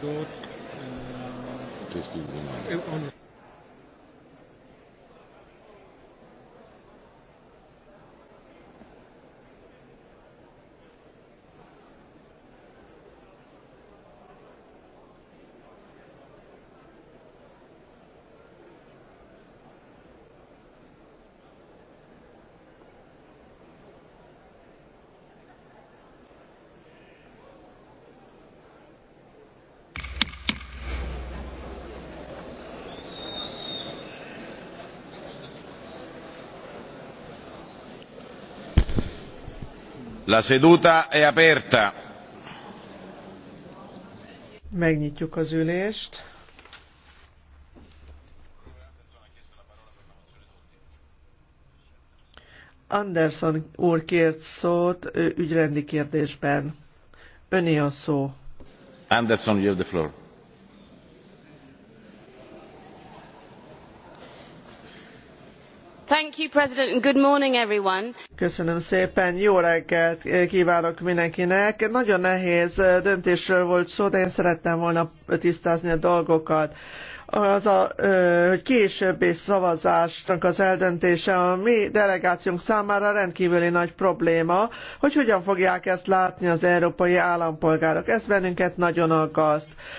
go. Uh, La seduta è aperta. Megnyitjuk az ülést. Anderson úr kért szót ügyrendi kérdésben. Öné a szó. Anderson, you have the floor. Köszönöm szépen, jó reggelt kívánok mindenkinek. Nagyon nehéz eh, döntésről volt szó, de én szerettem volna tisztázni a dolgokat az a eh, hogy későbbi szavazásnak az eldöntése a mi delegációnk számára rendkívüli nagy probléma, hogy hogyan fogják ezt látni az európai állampolgárok. Ez bennünket nagyon aggaszt.